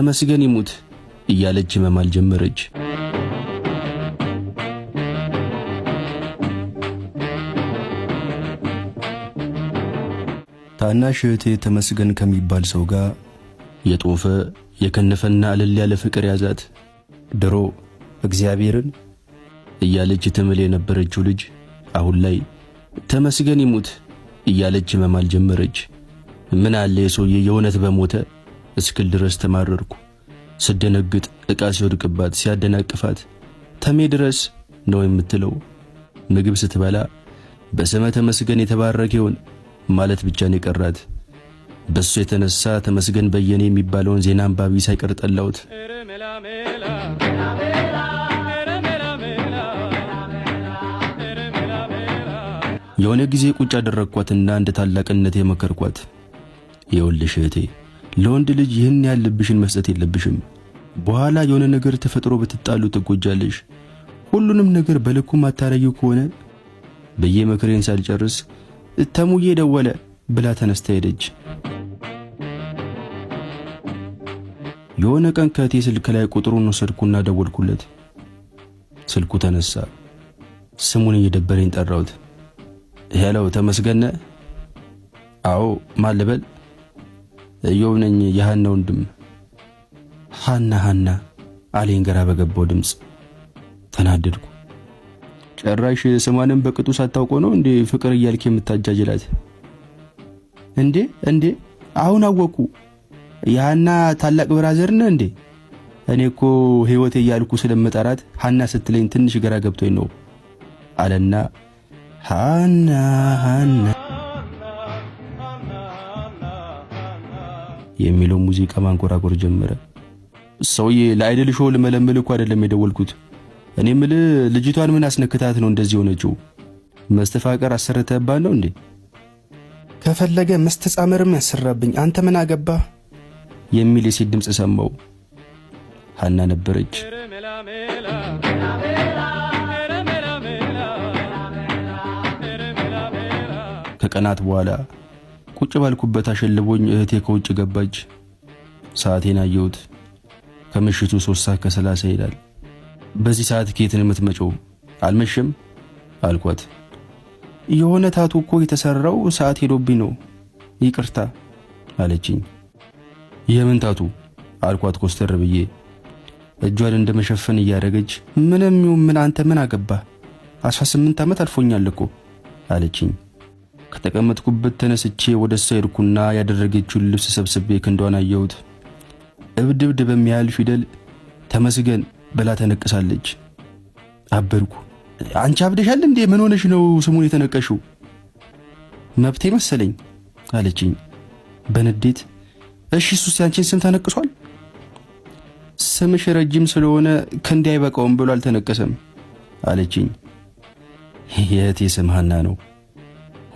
ተመስገን ይሙት እያለች መማል ጀመረች። ታናሽ እህቴ ተመስገን ከሚባል ሰው ጋር የጦፈ የከነፈና እልል ያለ ፍቅር ያዛት። ድሮ እግዚአብሔርን እያለች ትምል የነበረችው ልጅ አሁን ላይ ተመስገን ይሙት እያለች መማል ጀመረች። ምን አለ የሰውዬ የእውነት በሞተ እስክል ድረስ ተማረርኩ። ስደነግጥ፣ ዕቃ ሲወድቅባት፣ ሲያደናቅፋት ተሜ ድረስ ነው የምትለው። ምግብ ስትበላ በስመ ተመስገን የተባረከውን ማለት ብቻ ነው የቀራት። በሱ የተነሳ ተመስገን በየነ የሚባለውን ዜና አንባቢ ሳይቀር ጠላሁት። የሆነ ጊዜ ቁጭ አደረግኳትና እንደ ታላቅነት የመከርኳት የወልሽ እህቴ ለወንድ ልጅ ይህን ያህል መስጠት የለብሽም። በኋላ የሆነ ነገር ተፈጥሮ ብትጣሉ ትጎጃለሽ። ሁሉንም ነገር በልኩ ማታረጊው ከሆነ ብዬ ምክሬን ሳልጨርስ እተሙዬ ደወለ ብላ ተነስታ ሄደች። የሆነ ቀን ከእቴ ስልክ ላይ ቁጥሩን ወሰድኩና ደወልኩለት። ስልኩ ተነሳ። ስሙን እየደበረኝ ጠራሁት። ሄለው ተመስገነ? አዎ ማን ኢዮብ ነኝ የሐና ወንድም። ሐና ሐና አለኝ ገራ በገባው ድምፅ ተናደድኩ። ጭራሽ ስሟንም በቅጡ ሳታውቆ ነው እንዴ ፍቅር እያልክ የምታጃጅላት? እንዴ እንዴ አሁን አወቁ። የሐና ታላቅ ብራዘር እንዴ? እኔ እኮ ሕይወቴ እያልኩ ስለምጠራት ሐና ስትለኝ ትንሽ ግራ ገብቶኝ ነው አለና ሐና ሐና የሚለው ሙዚቃ ማንቆራቆር ጀመረ። ሰውዬ ለአይደል ሾው ልመለምል እኮ አይደለም የደወልኩት። እኔ ምልህ ልጅቷን ምን አስነክታት ነው እንደዚህ ሆነችው? መስተፋቀር አሰርተባት ነው እንዴ? ከፈለገ መስተጻመርም ያሰራብኝ፣ አንተ ምን አገባ የሚል የሴት ድምፅ ሰማው። ሀና ነበረች። ከቀናት በኋላ ቁጭ ባልኩበት አሸልቦኝ እህቴ ከውጭ ገባች። ሰዓቴን አየሁት። ከምሽቱ ሶስት ሰዓት ከሰላሳ ይላል። በዚህ ሰዓት ኬትን የምትመጪው አልመሽም አልኳት። የሆነ ታቱ እኮ የተሰራው ሰዓት ሄዶብኝ ነው ይቅርታ አለችኝ። የምን ታቱ አልኳት ኮስተር ብዬ። እጇን እንደመሸፈን እያደረገች ምንም ይሁን ምን አንተ ምን አገባ 18 ዓመት አልፎኛል እኮ አለችኝ። ከተቀመጥኩበት ተነስቼ ወደ እሷ ሄድኩና ያደረገችውን ልብስ ሰብስቤ ክንዷን አየሁት። እብድብድ በሚያህል ፊደል ተመስገን ብላ ተነቅሳለች። አበድኩ። አንቺ አብደሻል እንዴ? ምን ሆነሽ ነው ስሙን የተነቀሽው? መብቴ መሰለኝ አለችኝ በንዴት። እሺ እሱስ ያንቺን ስም ተነቅሷል? ስምሽ ረጅም ስለሆነ ክንዴ አይበቃውም ብሎ አልተነቀሰም አለችኝ። የእቴ ስም ሀና ነው።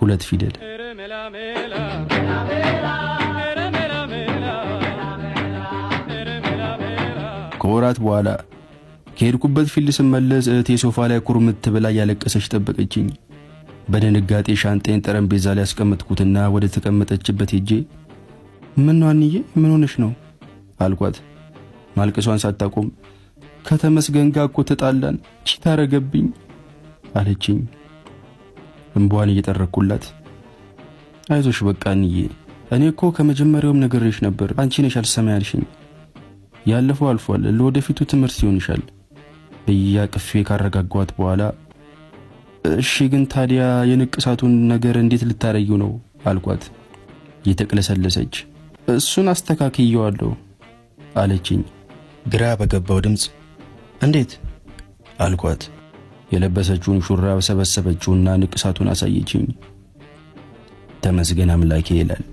ሁለት ፊደል ከወራት በኋላ ከሄድኩበት ፊልድ ስመለስ እህቴ ሶፋ ላይ ኩርምት ብላ እያለቀሰች ጠበቀችኝ። በድንጋጤ ሻንጤን ጠረጴዛ ላይ ያስቀመጥኩትና ወደ ተቀመጠችበት ሄጄ ምን ነው አንዬ፣ ምን ሆነሽ ነው አልኳት። ማልቀሷን ሳታቆም ከተመስገን ጋር እኮ ተጣላን፣ ቺ ታረገብኝ አለችኝ። እንቧን እየጠረኩላት አይዞሽ በቃ እንዬ፣ እኔ እኮ ከመጀመሪያውም ይሽ ነበር። አንቺ ነሽ አልሰማ ያልሽኝ። ያለፈው አልፏል፣ ለወደፊቱ ትምህርት ይሆንሻል ቅፌ ካረጋጓት በኋላ እሺ ግን ታዲያ የንቅሳቱን ነገር እንዴት ልታረዩ ነው አልኳት። የተቅለሰለሰች እሱን አስተካክየዋለሁ አለችኝ። ግራ በገባው ድምፅ እንዴት አልኳት። የለበሰችውን ሹራብ ሰበሰበችውና ንቅሳቱን አሳየችኝ። ተመስገን አምላኬ ይላል።